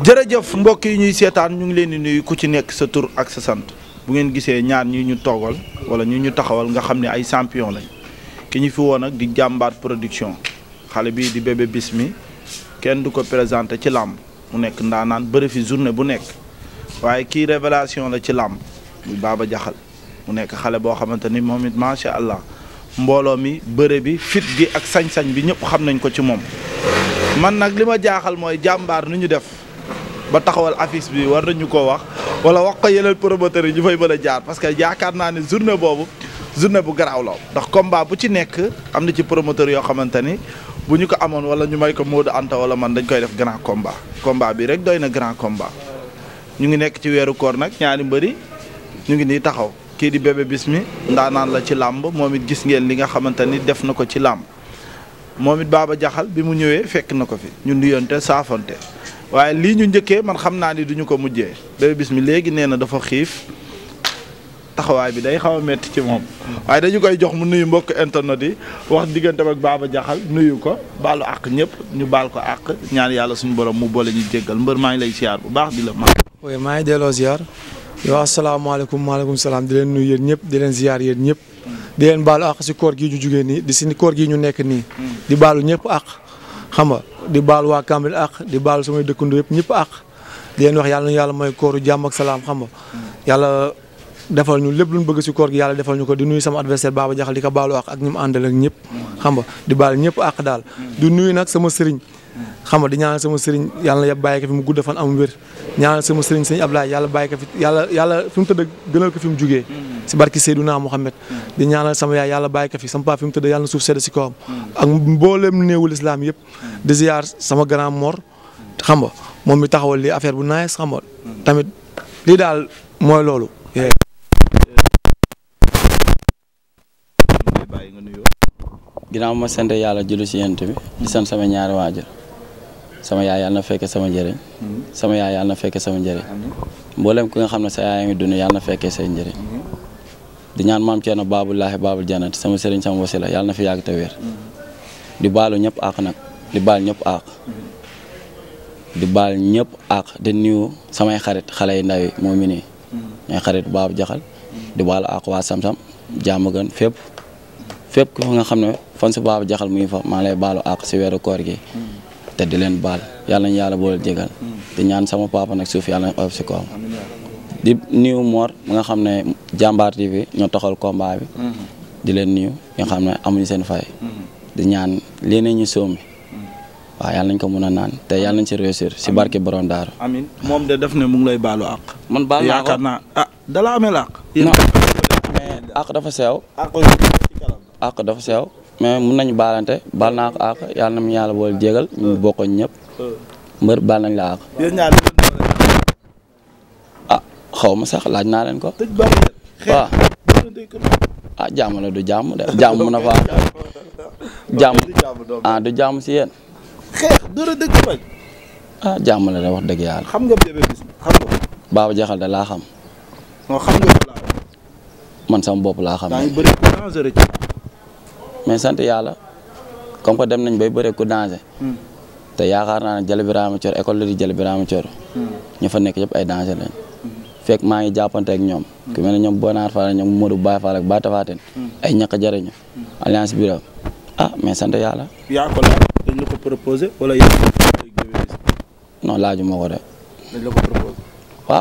jërëjëf mbokk yi ñuy seetaan ñu ngi leen di nuyu ku ci nekk sa tur ak sa sant bu ngeen gisee ñaar ñi ñu toogal wala ñu ñu taxawal nga xam ne ay champion lañ ki ñu fi woon ak di jàmbaar production xale bii di bébé bis mi kenn du ko présenté ci làmb mu nekk ndaanaan bëri fi journée bu nekk waaye kii révélation la ci làmb muy Baba Jaxal mu nekk xale boo xamante ni moom it macha allah mbooloo mi bëre bi fit gi ak sañ-sañ bi ñëpp xam nañ ko ci moom man nag li jaaxal mooy jàmbaar nu def. ba taxawal affiche bi war nañu ko wax wala wax ko yeneen promoteurs yi ñu fay mën a jaar parce que yaakaar naa ne journée boobu journée bu garaaw la ndax combat bu ci nekk am na ci promoteur yoo xamante ni bu ñu ko amoon wala ñu may ko Modou Anta wala man dañ koy def grand komba komba bi rek doy na grand combat ñu ngi nekk ci weeru koor nag ñaari mbëri ñu ngi nii taxaw kii di Bébé Bismi ndaanaan la ci làmb moom it gis ngeen li nga xamante ni def na ko ci làmb moom it Baba Jaxal bi mu ñëwee fekk na ko fi ñu nuyonte saafante waaye lii ñu njëkkee man xam naa ni duñu ko mujjee Bébé Bismi léegi nee na dafa xiif taxawaay bi day xaw a metti ci moom waaye dañu koy jox mu nuyu mbokk internet yi wax digganteem ak Baba Jaxal nuyu ko baalu àq ñëpp ñu baal ko àq ñaan yàlla suñu borom mu boole ñu jéggal mbër maa ngi lay ziar bu baax di la mag maa ngi delloo ziar yow asalaamaaleykum maaleykum salaam di leen nuyu yéen ñëpp di leen ziar yéen ñëpp di leen baalu àq si koor gii ñu jugee nii di si koor gii ñu nekk nii mm. di baalu ñëpp àq xam nga di baal waa Cambérène ak di baal samay dëkkandoo yëpp ñëpp àq di wax yàlla na yàlla mooy kooru jàmm ak salaam xam nga yàlla defal ñu lépp lu bëgg si koor gi yàlla defal ñu ko di nuyu sama adversaire Baba Diakhal di ko baalu ak ak ñi mu àndal ak ñëpp xam nga di baal ñëpp ak daal di nuyu nag sama sëriñ xam nga di ñaanal sama sëriñ yàlla na bàyyi ko fi mu gudd fan am wér ñaanal sama sëriñ sëñ Ablaye yàlla bàyyi ko fi yàlla yàlla fi mu tëdd gënal ko fi mu jugee mm. si barki Seydouna Mohamed di ñaanal sama yaay yàlla bàyyi fi sama paa fi mu tëdd yàlla na suuf sedd si kawam mm. ak mbooleem néewu lislaam yëpp mm. di sama grand mor xam nga moom mi taxawal li affaire bu nice xam tamit lii daal mooy loolu ginnaaw ma sant yàlla julli si yent bi di sant sama ñaari waajur sama yaay yàlla na fekkee sama njëriñ sama yaay yàlla na fekkee sama njëriñ mboolem ku nga xam ne sa yaay ngi dund na fekkee seen njëriñ di ñaan maam Thierno baabul laahi baabul janat sama sëriñ sama wasila yàlla na fi yàgg te wér di baalu ñëpp àq nag di baal ñëpp àq di baal ñëpp àq samay xarit xale yu ndaw yi moo mi nii ñooy xarit baabu jaxal di baalu àq waa sam-sam jàmm gën fépp fépp ku nga xam ne fan si baabu jaxal muy fa maa lay baalu àq si weeru koor gi te di leen baal yàlla ñu yàlla boole jégal te mm. ñaan sama papa nag suuf yàlla ñu oyof si kawam di nuyu Mor mi nga xam ne jàmbaar TV ñoo taxal combat bi mm-hmm. di leen nuyu nga xam ne amuñu seen fay mm-hmm. di ñaan lii nañu soomi mm-hmm. waaw yàlla nañ ko mën a naan te yàlla nañ si réussir si barke borom daaru amin moom de def ne mu ngi lay baalu àq man ah, dala amee la dafa sew àq dafa sew mais mun nañu baalante baal naa ko àq yàlla na mu yàlla boole jégal ñu bokkoñ ñëpp mbër baal nañ la ah xaw ma sax laaj naa leen ko. waaw ah jàmm la du jàmm de jàmm mun na faa jàmm ah du jàmm si yéen. xeex dara dëgg bañ. ah jàmm la de wax dëgg yàlla. xam nga bébé bis xam nga. Baba Jaxal da laa xam. man sama bopp laa xam. daa ngi bëri dangereux ci mais sant yàlla comme que dem nañ bay bëre ku danger. Hmm. te yaakaar naa ne Jalle Birame Thior école la di Jalle Birame Thior. Hmm. ñu fa nekk yëpp ay danger lañ. Hmm. fekk maa ngi jàppante ñoom. ki mel ne ñoom Bonaar Fall ñoom Modou Baye Fall ak Bata Faten. ay ñàkk jariñu alliance bi ah mais sant yàlla. yaa ko laaj dañ la ma ko de. dañ la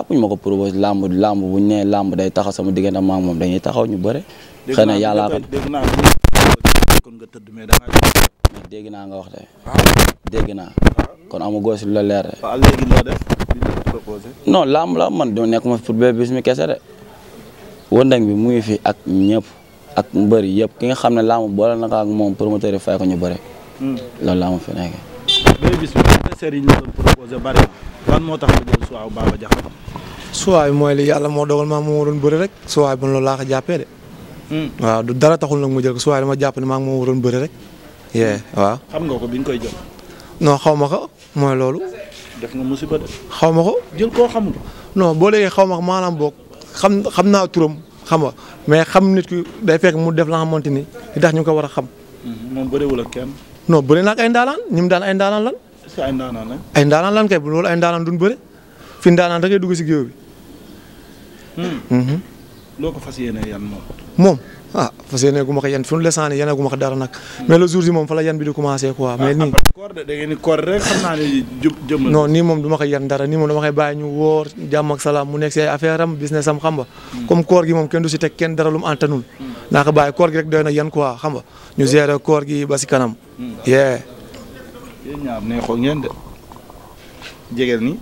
ko ma ko proposé làmb làmb buñ nee làmb day taxaw sama diggante maam moom dañuy taxaw ñu bëre. xëy na tëdd mais da ngaa. dégg naa nga wax de. Ah. dégg naa. Ah. kon amu gos lu la leer de. waaw nekk ma pour Bébé Bismi kese de. wëndëng bi mu ngi fi ak ñëpp ak mbëri yëpp ki nga xam ne laamu boole na moom promoteur yi fay ko ñu bëre. Hmm. loolu laa fi nekk. Bébé Bismi adversaire yi ñu doon proposé suwaaw mooy li yàlla moo dogal maa moo waroon bëri rek suwaay bu loolu laa ko de. Mm. waaw du dara taxul nag mu jël ko su waaye dama jàpp ne maa ngi moom waroon bëre rek. yee waaw. xam nga ko bi koy jël. non xaw ma ko mooy loolu. def nga musiba de. xaw ma ko. jël koo xamul. non boo léegi xaw ma ko maanaam boog xam xam naa turam xam nga mais xam nit ki day fekk mu def la xamante ni li tax ñu ko war a xam. Mm-hmm. moom bëriwul ak kenn. non bëri na ay ndaalaan ñi mu daan ay ndaalaan lan. que ay ndaalaan lan. ay ndaalaan bu loolu ay ndaalaan duñ bëri fi ndaalaan da ngay dugg si géew bi. Hmm. Mm-hmm. loo ko fas yéene moom. moom ah fas yéene gu ma ko yan fi mu la sànni yéene gu ma ko dara nag. mais le jour ji moom fa la yan bi di commencé quoi. Ah, mais nii koor de da ngeen ni koor rek nii moom duma ma ko yan dara nii moom dama koy bàyyi ñu wóor jàmm ak salaam mu nekk si ay affaire am business am xam nga. Hmm. comme koor gi moom kenn du si teg kenn dara lu mu antanul. Hmm. naa ko bàyyi koor gi rek doy na yan quoi xam nga ñu hmm. gérer koor gi ba si kanam. yee. yéen ñaar neexoo ngeen de jegeel nii.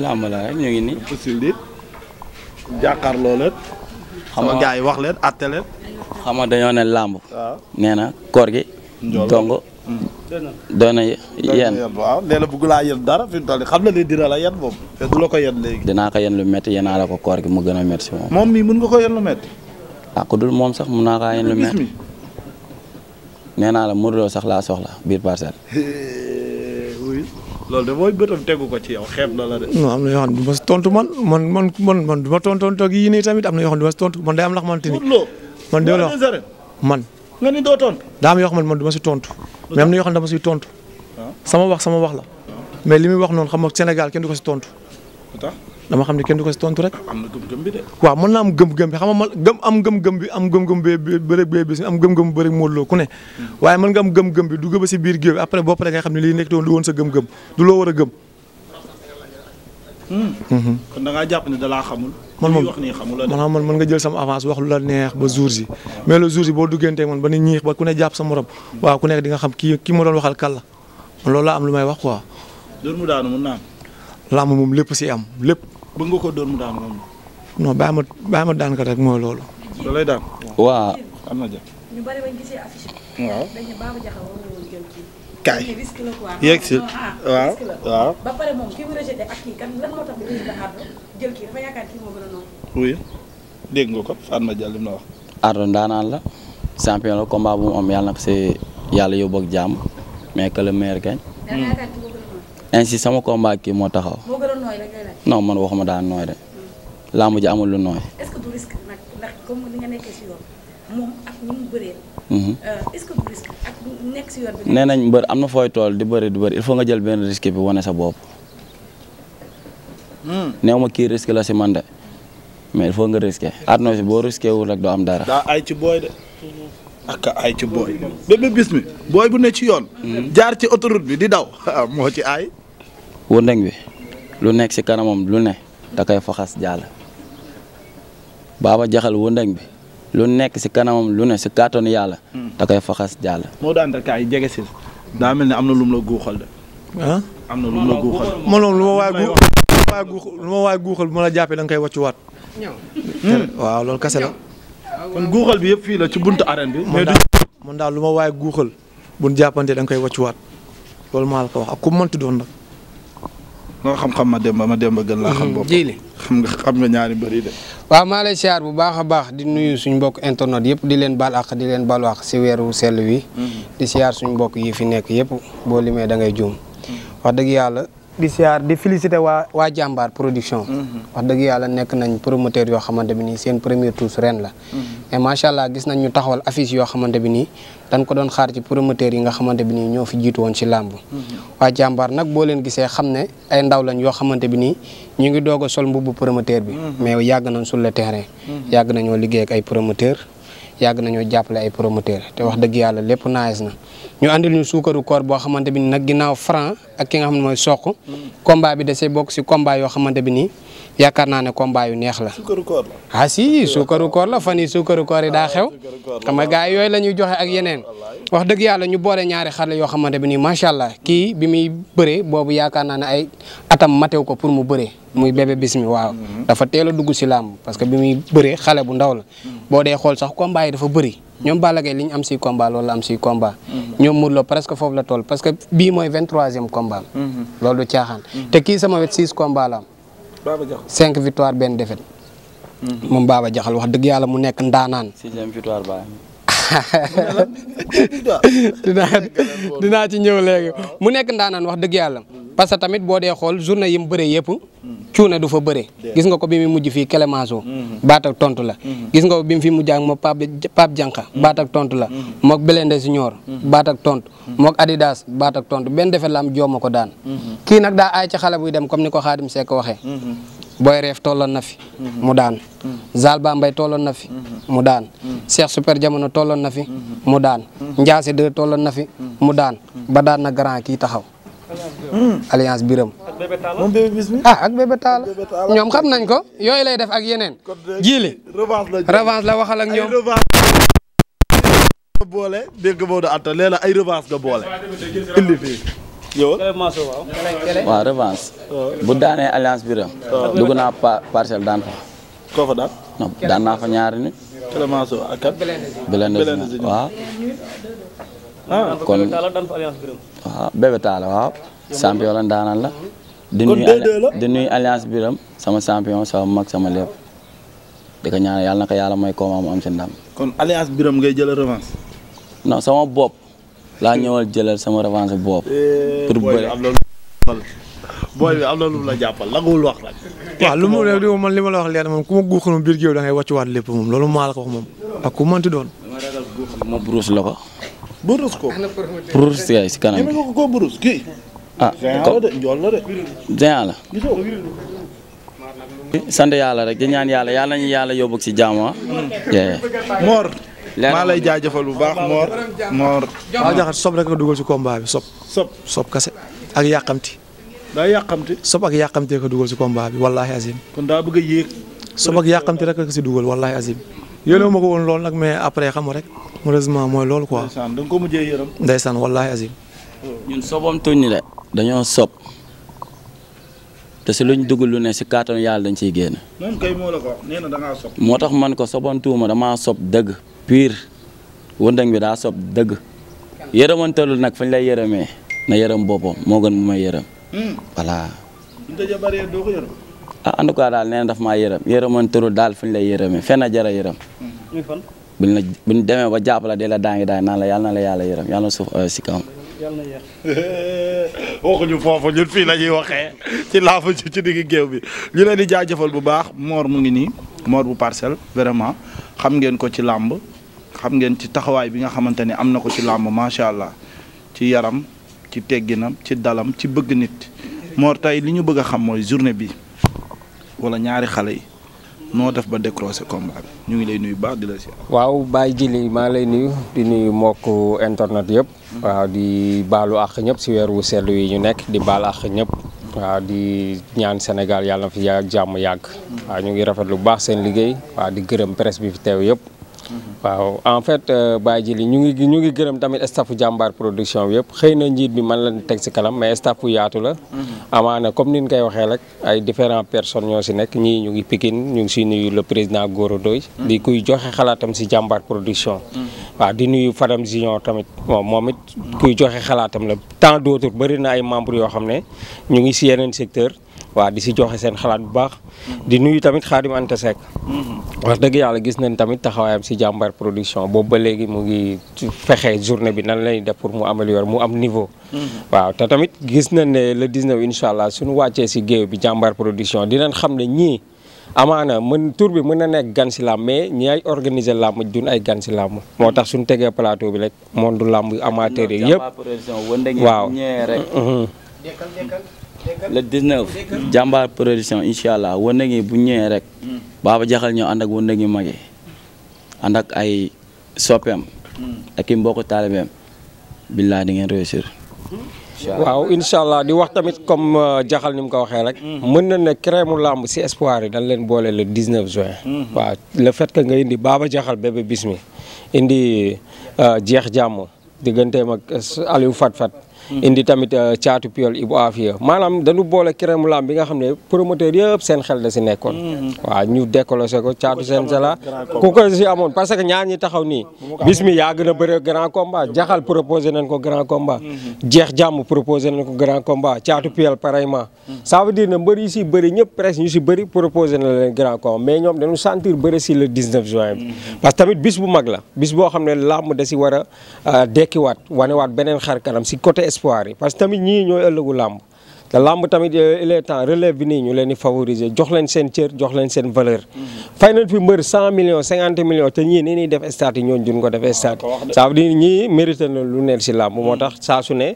làmb la rek ñu ngi jàkkaar loo leen. nga gars yi wax leen àtte leen. xam dañoo ne làmb. waaw nee na koor gi. dong hmm. doon na yen waaw nee laa yen dara fi mu toll xam na ne dina la yen moom. te du la ko yen léegi. dinaa ko yen lu métti yenaa la ko koor gi mu gën a métti si moom. moom mii mën nga ko yen lu métti. ah moom sax mën naa kaa yen lu métti. nee naa la Modou sax laa soxla biir parcelle. loolu de mooy ko ci yow xeeb na la de. non am na yoo xam ne du ma si tontu man man man man man du ma am na yoo xam ma si tontu man day am la xamante ni. man de wax man. nga ni doo tontu. daa am yoo man du si tontu. mais am na yoo xam ne dama siy tontu. Ah. sama wax sama wax la. Ah. mais li muy wax noonu xam nga Sénégal kenn du ko si tontu. dama xam ne kenn du ko si tontu rek. am na gëm-gëm bi waaw mën naa am gëm-gëm bi xam nga man gëm am gëm-gëm bi am gëm-gëm bee bëre bee bis am gëm-gëm bëre móoloo ku ne. Hmm. waaye mën nga am gëm-gëm bi dugg ba si biir géew après boo paree nga xam ne lii nekk doon du woon sa gëm a gëm. Hmm. Mhm. da ngaa jàpp ne da laa xamul. man moom wax nii xamul la man man mën nga jël sama avance wax lu la neex mais le jour ji boo dugganteeg ni ñiix ba ku jàpp sa morom. waaw ku nekk di nga xam kii kii ma doon waxal loolu laa am lu may wax quoi. dóor mu daanu mun naa am. làmb moom lépp si am lépp bëgg nga ko dóor mu daan moom non baa ma daan ko rek mooy loolu. da lay waaw am na ah, waaw waaw ba pare moom kii mu rejeté ak kii kan lan moo tax mu rejeté Ardo jël kii la wax. bu mu am na ko si yàlla yóbbu ak mais que le meilleur gagne. ainsi sama combat kii moo taxaw. non man waxuma daa nooy de. làmb ji amul lu nooy. est-ce mu bëree. Mhm. Euh, mbër am na fooy tool di bëri di bëri il faut nga jël benn risque bi wane sa bopp. Hmm. néew ma kii risque la si man de mais il faut nga risqué àdduna si boo risqué wul rek doo am dara. daa ay ci booy de. ak ay ci booy. Bébé Bismi booy bu ne ci yoon. Mhm. jaar ci autoroute bi di daw moo ci aay. wëndëng bi. lu nekk si kanamam lu ne da koy faxas jàll baaba jaxal wëndëng bi lu nekk si kanamam lu ne si kàttanu yàlla. da koy faxas jàll. moo daan da kaay jege si daa mel ne am na lum la guuxal de. ah na la lu ma waay guux lu jàppee da koy wàccuwaat. Hmm. waaw loolu kese la. kon bi yëpp fii la ci buntu arène bi. mais du lu ma waay bu ñu jàppante koy wàccuwaat loolu maa la ko wax ak ku mënti doon nag. loo xam-xam ma dem ma dem ba gën laa xam mhm. bopp xam nga xam nga ñaari bëri de waaw maa lay siyaar bu baax a baax di nuyu suñ mbokk internet yëpp di leen baal ak di leen balu ak si weeru sell wi mhm. di siyaar suñ mbokk yi fi nekk yëpp boo limee da ngay juum mhm. wax dëgg yàlla di siyaar di félicité waa waa jàmbaar production. Mm-hmm. wax dëgg yàlla nekk nañ promoteur yoo xamante bi nii seen premier tour ren la. Mm-hmm. mais macha allah gis nañ ñu taxawal affiche yoo xamante bi nii dañ ko doon xaar ci promoteur yi nga xamante bi nii ñoo fi jiitu woon ci làmb. Mm-hmm. waa jàmbaar nag boo gisee xam ne ay ndaw lañ yoo xamante bi nii ñu ngi doog a sol mbubbu promoteur bi. mais yàgg nañ sur le terrain. nañoo liggéey ay promoteur yàgg nañoo jàppale ay promoteur te wax dëgg yàlla lépp naaj na ñu andil ñu suukaru koor boo xamante bi ni nag ginnaaw franc ak ki nga xam ne mooy soq mm. combat bi desee bokk si combat yoo xamante bi nii yaakaar naa ne combat yu neex la. suukaru la ah si suukaru koor la fan yii suukaru koor yi daa xew. Ah, xam nga gars yooyu la ñuy joxe ak yeneen. wax dëgg yàlla ñu boole ñaari xale yoo xamante bi nii macha allah kii bi muy bëree boobu yaakaar naa ne ay atam matew ko pour mu bëree. muy bébé bismi waaw. Mhm. dafa teel a dugg si làmb parce que bi muy bëree xale bu ndaw la. Mhm. boo dee xool sax combat yi dafa bëri. ñoom Balla Gaye li ñu am si combat loolu la am si combat. Mhm. ñoom Modou Lo presque foofu la tool parce que bii mooy vingt-troisième combat. loolu du caaxaan. te kii sama wet six combat Baba Diakhal cinq victoire benn défaite. Mm-hmm. moom Baba Diakhal wax dëgg yàlla mu nekk ndaanaan. sixième victoire ba dinaa dinaa ci ñëw léegi mu nekk ndaanaan wax dëgg yàlla. parce que tamit boo dee xool journée yi mu bëree yëpp cuune du fa bëree gis nga ko bi mu mujj fi Clémenceau mm-hmm. baat ak tontu la mm-hmm. gis nga ko bi mu fi mujj ak moom Pape Pape tontu la mook Belende Junior baat ak tontu mm-hmm. mook Adidas baat ak tontu benn defet la am jooma ko daan kii nag daa aay ci xale buy dem comme ni ko Xaadim Seck waxee Boy Reef tolloon na mu daan Zal Bambay tolloon na fi mu daan Cheikh Super Jamono tolloon na fi mu daan Ndiasse 2 tolloon na mu daan ba daan na grand kii taxaw Mm. alliance biram moom ak bébé taala ah, ñoom xam nañ ko yooyu lay def ak yeneen jiili revanche la waxal ak ñoom boole dégg boo da ay revanche nga boole indi fii yow waaw revanche oh. bu daanee alliance biram oh. dugg naa parcelle daan fa daan naa fa ñaari waaw kon ah. taala waaw champion la ndaanaan la. di nuyu di nuyu alliance biram sama champion sama mag sama lépp. di ko ñaanal yàlla na ko yàlla may kooma mu am si ndam. kon alliance biram ngay jël revanche. non sama bopp laa ñëwal jëlal sama revanche bopp. Eh, pour bëri booy bi am na lu la jàppal la ngul wax nag. waaw lu mu ne man li ma la wax leen moom ku ma guuxoon biir géew da ngay wàccuwaat lépp moom loolu maa la ko wax moom ak ku mënti doon. dama ragal guux ma bruus la ko. bruus ko. bruus kay si kanam gi. ko bruus kii. ah kon géant la sant yàlla rek di ñaan yàlla yàlla nañu yàlla yóbbu ci jaama ah. Mor maa lay jaajëfal bu baax Mor Mor maa jaxat sob rek nga dugal ci combat bi sob sob sob kase ak yàqamti daa yàqamti sob ak yàqamti rek nga dugal ci combat bi wallaahi azim kon daa bëgg a yéeg sob ak yàqamti rek nga ci dugal wallaahi azim yéen ma ko woon lool nag mais après xam rek malheureusement mooy loolu quoi ndeysaan wallaahi azim ñun sobam tuñ de dañoo sob te si luñ dugg lu ne si kàttan yàlla dañ ciy génn. moo tax man ko sobantuuma damaa sob dëgg pire wëndëng bi daa sob dëgg yërëmantalul nag fañ lay yërëme na yërëm boppam moo gën mu ma yërëm. Hmm. voilà. doo ko yërëm. ah en tout cas daal nee na daf yërëm yërëmantalul daal fañ lay yërëmee fenn jara yërëm. Hmm. buñ la buñ demee ba jàpp la de la daa ngi daay naan la yàlla na la yàlla yërëm yàlla na suuf euh, si yàlla na yéex. waxuñu foofu ñun fii la ñuy waxee ci laafu ci ci digg géew bi ñu leen di jaajëfal bu baax moor mu ngi nii moor bu parcelle vraiment xam ngeen ko ci làmb xam ngeen ci taxawaay bi nga xamante ne am na ko ci làmb macha allah ci yaram ci tegginam ci dalam ci bëgg nit Mor tey li ñu bëgg a xam mooy journée bi wala ñaari xale yi. noo def ba décroché combat bi ñu ngi lay nuyu baax di la si. waaw Baye Jili maa lay nuyu di nuyu mbokk internet yëpp. Hmm. waaw di baalu àq ñëpp si weer wu sell yi ñu nekk di baal àq ñëpp. waaw di ñaan Sénégal yàlla na fi jàmm yàgg. Hmm. waaw ñu ngi rafet lu baax seen liggéey. waaw di gërëm presse bi fi teew yëpp. waaw en fait euh, Baye Jili ñu ngi ñu ngi gërëm tamit staffu jàmbaar production bi yëpp xëy na njiit bi man la teg si kalam mais staffu yaatu la. Mhm. amaana comme ni ñu koy waxee rek ay différents personnes ñoo si nekk ñii ñu ngi Pikine ñu ngi si nuyu le président Goro Doy mhm. di kuy joxe xalaatam si jàmbaar production. Mhm. waaw di nuyu Fadam Zion tamit moom moom it kuy joxe xalaatam la tant d'autres bëri na ay membres yoo xam ne ñu ngi si yeneen secteur waaw di si joxe seen xalaat bu baax. di nuyu tamit Xaadim Anta Seck. wax dëgg yàlla gis nañ tamit taxawaayam si jàmbar production boobu ba léegi mu ngi fexe journée bi nan lay def pour mu améliorer mu am niveau. waaw te tamit gis nañ ne le 19 incha allah suñu wàccee si géew bi jàmbar production dinañ xam ne ñii. amaana mën tur bi mën na nekk gan si làmb mais ñi ay organiser làmb dun ay gan si làmb moo tax suñu tegee plateau bi rek monde làmb amateur yi yëpp waaw le 19 jàmbaar production incha allah wane ngi bu ñëwee rek baaba jaxal ñëw ànd ak wane ngi mage ànd ak ay soppeem ak i mbokk taalibeem billaa di ngeen réussir. waaw incha allah di wax tamit comme euh, jaxal ni mu ko waxee rek. Hmm. mën na ne crème làmb si espoir yi dañ leen boole le 19 juin. Hmm. waaw le fait que nga indi baaba jaxal bébé bismi indi euh, jeex jàmm digganteem ak euh, Aliou Fat Fat. Mm-hmm. indi tamit uh, caatu piol Ibou Afia maanaam dañu boole crème lamb bi nga xam ne promoteur yëpp seen xel da si nekkoon. Mm-hmm. waaw ñu décolosé ko caatu seen sala ku ko si amoon parce que ñaar taxaw nii. bis mi yaa gën a grand combat jaxal proposé nañ ko grand combat. Mm-hmm. jeex jàmm proposé nañ ko grand combat caatu piol pareillement. ça veut dire ne mbër si bëri ñëpp presque ñu si bëri proposé na leen grand combat mais ñoom dañu sentir bëri si le 19 juin bi. parce que tamit bu mag la bis boo xam ne da si war a euh, dekkiwaat espoir yi parce que tamit ñii ñooy ëllëgu làmb te làmb tamit euh, il est temps relève bi nii ñu leen di favoriser jox leen seen cër jox leen seen valeur. Mhm. fay nañ fi mbër cent millions cinquante millions te ñii ni ñuy def stade yi ñooñu duñ ko def stade ah, ça veut dire ñii mérité na lu neen si làmb moo mhm. tax saa su ne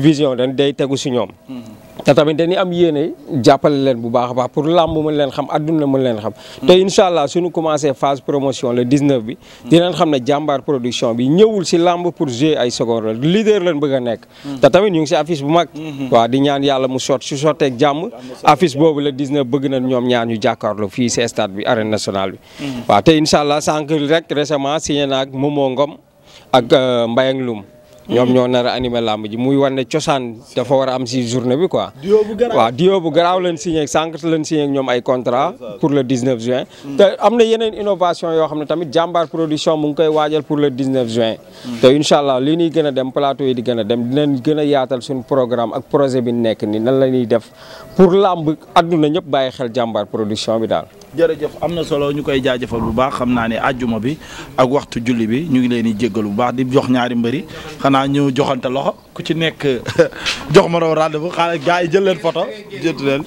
vision dañ day tegu si ñoom. Mhm. te tamit dañuy am yéene jàppale leen bu baax a baax pour lamb mën leen xam adduna mën leen xam. te incha allah suñu commencé phase promotion le 19 bi. dinañ xam ne jàmbaar production bi ñëwul si làmb pour jouer ay secondes leader leen bëgg a nekk. te tamit ñu ngi si afice bu mag. waaw di ñaan yàlla mu sot su sotteeg jàmm. affiche boobu le 19 bëgg na ñoom ñaar ñu jàkkaarloo fii si stade bi arène national bi. Mm-hmm. waaw te incha allah sànq rek récemment signé na ak Momo Ngom ak euh, Mbayang Loum. ñoom ñoo nar a animé làmb ji muy wane cosaan dafa war am si journée bi quoi. waaw dio bu garaaw leen signé sànq leen signé ak ñoom ay contrat pour le 19 juin. Hmm. te am na yeneen innovation yoo xam ne tamit jàmbaar production mu ngi koy waajal pour le 19 juin. Hmm. te incha allah li ñuy gën a dem plateau yi di gën a dem dinañ gën yaatal suñu programme ak projet bi nekk nii nan la ñuy def pour làmb àdduna ñëpp bàyyi xel jàmbaar production bi daal. jërëjëf am na solo ñu koy jaajëfal bu baax xam naa ne àjjuma bi ak waxtu julli bi ñu ngi leen di jéggal bu baax di jox ñaari mbëri xanaa ñëw joxante loxo ku ci nekk jox ma raw rendez-vous xaaral gars yi jël leen photo jënd leen.